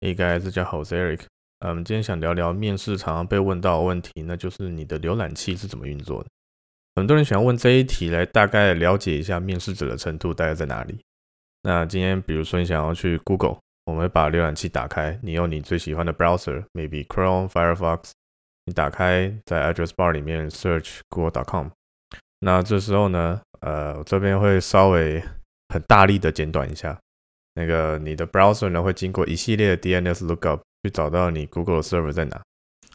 Hey guys 大家好，我是 Eric。嗯，今天想聊聊面試常常被問到的問題，那就是你的瀏覽器是怎麼運作的。很多人想要問這一題來大概了解一下面試者的程度大概在哪裡。那今天比如說你想要去 Google，我們會把瀏覽器打開，你用你最喜歡的 browser，maybe Chrome、Firefox，你打開在 address bar 裡面 search google.com。那這時候呢，呃，我這邊會稍微很大力的剪短一下。那個你的 browser 呢會經過一系列的 DNS lookup 去找到你 Google server 在哪，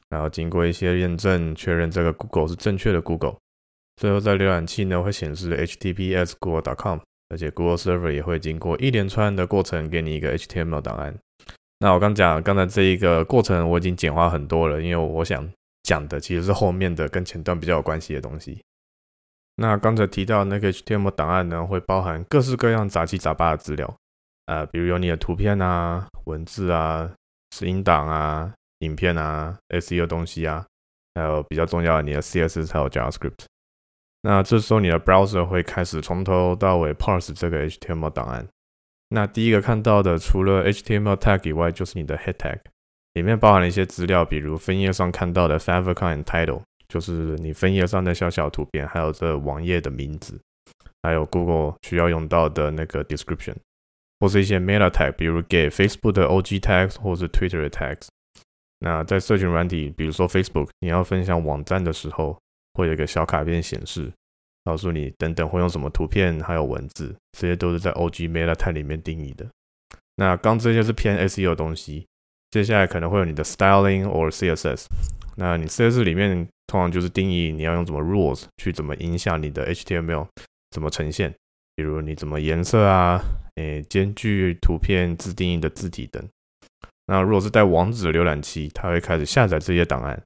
然後經過一些驗證確認這個 Google 是正確的 Google，最後在瀏覽器呢會顯示 HTTPS Google.com，而且 Google server 也會經過一連串的過程給你一個 HTML 檔案。那我剛講剛才這一個過程我已經簡化很多了，因為我想講的其實是後面的跟前端比較有關係的東西。那剛才提到那個 HTML 檔案呢會包含各式各樣雜七雜八的資料。呃，比如有你的圖片啊、文字啊、聲音檔啊、影片啊、SEO 東西啊，還有比較重要的你的 CSS 還有 JavaScript。那這時候你的 Browser 會開始從頭到尾 Parse 這個 HTML 檔案。那第一個看到的，除了 HTML tag 以外，就是你的 Head tag，裡面包含了一些資料，比如分頁上看到的 favicon and title，就是你分頁上的小小圖片，還有這網頁的名字，還有 Google 需要用到的那個 description。或是一些 meta tag，比如給 Facebook 的 OG tag 或是 Twitter 的 tag。那在社群軟體，比如說 Facebook，你要分享網站的時候，會有一個小卡片顯示，告訴你等等會用什麼圖片，還有文字，這些都是在 OG meta tag 裡面定義的。那剛這些是偏 SEO 的東西，接下來可能會有你的 styling or CSS。那你 CSS 裡面通常就是定義你要用什麼 rules 去怎麼影響你的 HTML 怎麼呈現，比如你怎麼顏色啊。誒、欸，兼具圖片、自定義的字體等。那如果是帶網址的瀏覽器，它會開始下載這些檔案。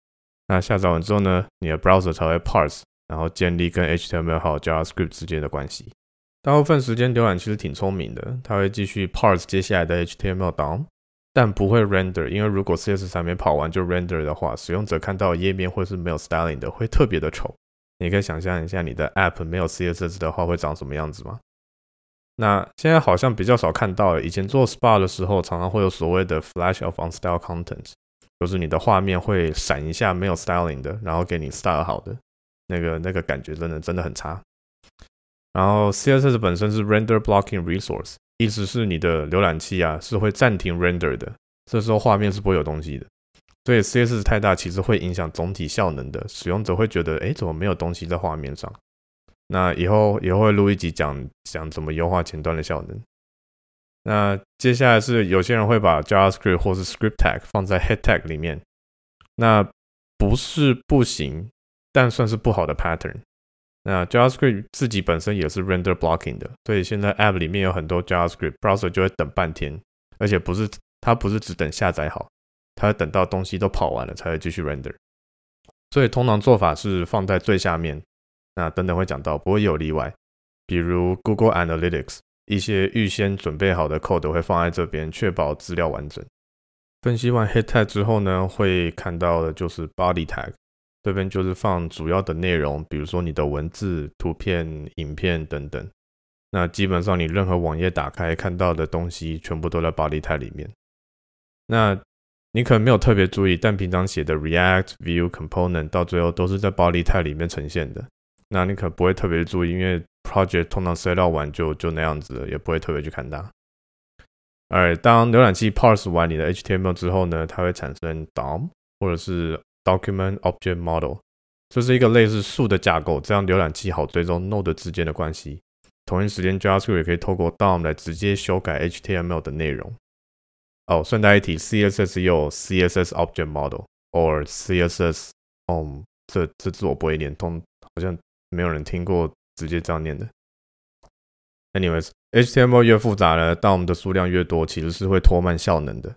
那下載完之後呢，你的 browser 才會 parse，然後建立跟 HTML 和 JavaScript 之間的關係。大部分時間，瀏覽器是挺聰明的，它會繼續 parse 接下來的 HTML 檔，但不會 render，因為如果 CSS 還沒跑完就 render 的話，使用者看到頁面會是沒有 styling 的，會特別的醜。你可以想象一下，你的 app 沒有 CSS 的話會長什麼樣子嗎？那現在好像比較少看到，以前做 SPA 的時候，常常會有所謂的 Flash of Unstyled Content，就是你的畫面會閃一下沒有 styling 的，然後給你 style 好的，那個那個感覺真的真的很差。然後 CSS 本身是 Render Blocking Resource，意思是你的瀏覽器啊是會暫停 render 的，這時候畫面是不會有東西的。所以 CSS 太大其實會影響總體效能的，使用者會覺得，哎，怎麼沒有東西在畫面上？那以後以後會錄一集講講怎麼優化前端的效能。那接下來是有些人會把 JavaScript 或是 Script Tag 放在 Head Tag 裡面，那不是不行，但算是不好的 pattern。那 JavaScript 自己本身也是 Render Blocking 的，所以現在 App 裡面有很多 JavaScript，Browser 就會等半天，而且不是，它不是只等下載好，它會等到東西都跑完了才會繼續 Render。所以通常做法是放在最下面。那等等會講到，不會有例外。比如 Google Analytics，一些預先準備好的 code 會放在這邊，確保資料完整。分析完 head tag 之後呢，會看到的就是 body tag，這邊就是放主要的內容，比如說你的文字、圖片、影片等等。那基本上你任何網頁打開看到的東西，全部都在 body tag 裡面。那你可能沒有特別注意，但平常寫的 React View Component 到最後都是在 body tag 裡面呈現的。那你可不會特別注意，因為 project 通常設定完就就那樣子，也不會特別去看它。而當瀏覽器 parse 完你的 HTML 之後呢，它會產生 DOM 或者是 Document Object Model，這是一個類似樹的架構，這樣瀏覽器好追蹤 node 之間的關係。同一時間，JavaScript 也可以透過 DOM 來直接修改 HTML 的內容。哦，順帶一提，CSS 又有 CSS Object Model 或 CSSOM，、哦、這這字我不會連通好像。沒有人聽過直接這樣念的。Anyways，HTML 越複雜了，DOM 的數量越多，其實是會拖慢效能的。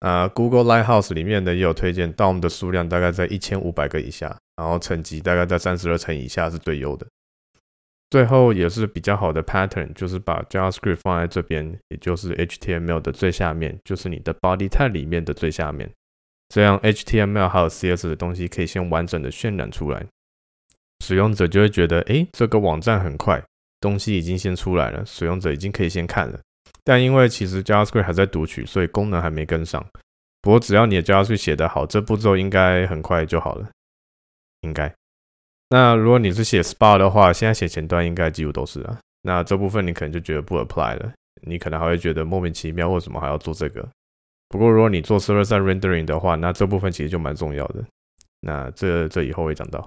啊，uh，Google Lighthouse 裡面呢，也有推薦，DOM 的數量大概在一千五百個以下，然後層級大概在三十二層以下是最優的。最後也是比較好的 pattern，就是把 JavaScript 放在這邊，也就是 HTML 的最下面，就是你的 body type 裡面的最下面，這樣 HTML 還有 CSS 的東西可以先完整的渲染出來。使用者就會覺得，哎，這個網站很快，東西已經先出來了，使用者已經可以先看了。但因為其實 JavaScript 還在讀取，所以功能還沒跟上。不過只要你的 JavaScript 寫得好，這步驟應該很快就好了，應該。那如果你是寫 SPA 的話，現在寫前端應該幾乎都是啊。那這部分你可能就覺得不 apply 了，你可能還會覺得莫名其妙，為什麼還要做這個？不過如果你做 Server-side Rendering 的話，那這部分其實就蠻重要的。那這這以後會講到。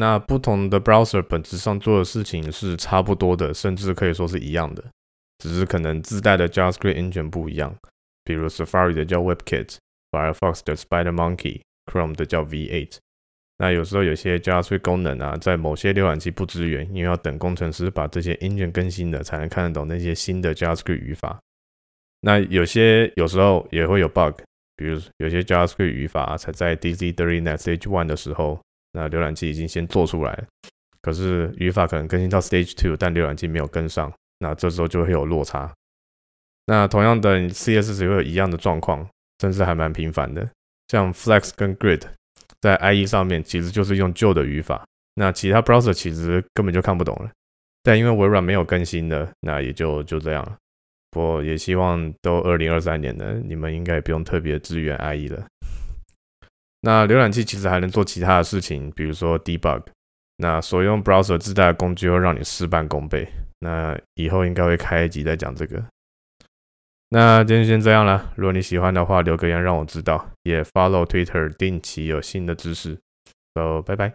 那不同的 browser 本質上做的事情是差不多的，甚至可以說是一樣的，只是可能自帶的 JavaScript 引 e 不一樣，比如 Safari 的叫 WebKit，Firefox 的 SpiderMonkey，Chrome 的叫 V8。那有時候有些 JavaScript 功能啊，在某些瀏覽器不支援，因為要等工程師把這些引 e 更新了，才能看得懂那些新的 JavaScript 語法。那有些有時候也會有 bug，比如有些 JavaScript 語法、啊、才在 DZ 3 i r Nets H1 的時候。那瀏覽器已經先做出來了，可是語法可能更新到 Stage Two，但瀏覽器沒有跟上，那這時候就會有落差。那同樣的 CSS 也會有一樣的狀況，甚至還蠻頻繁的。像 Flex 跟 Grid 在 IE 上面其實就是用舊的語法，那其他 Browser 其實根本就看不懂了。但因為微軟沒有更新的，那也就就這樣了。不過也希望都二零二三年了，你們應該也不用特別支援 IE 了。那瀏覽器其實還能做其他的事情，比如說 debug。那所用 browser 自帶的工具會讓你事半功倍。那以後應該會開一集再講這個。那今天先這樣啦，如果你喜歡的話，留個言讓我知道，也 follow Twitter 定期有新的知識。So，拜拜。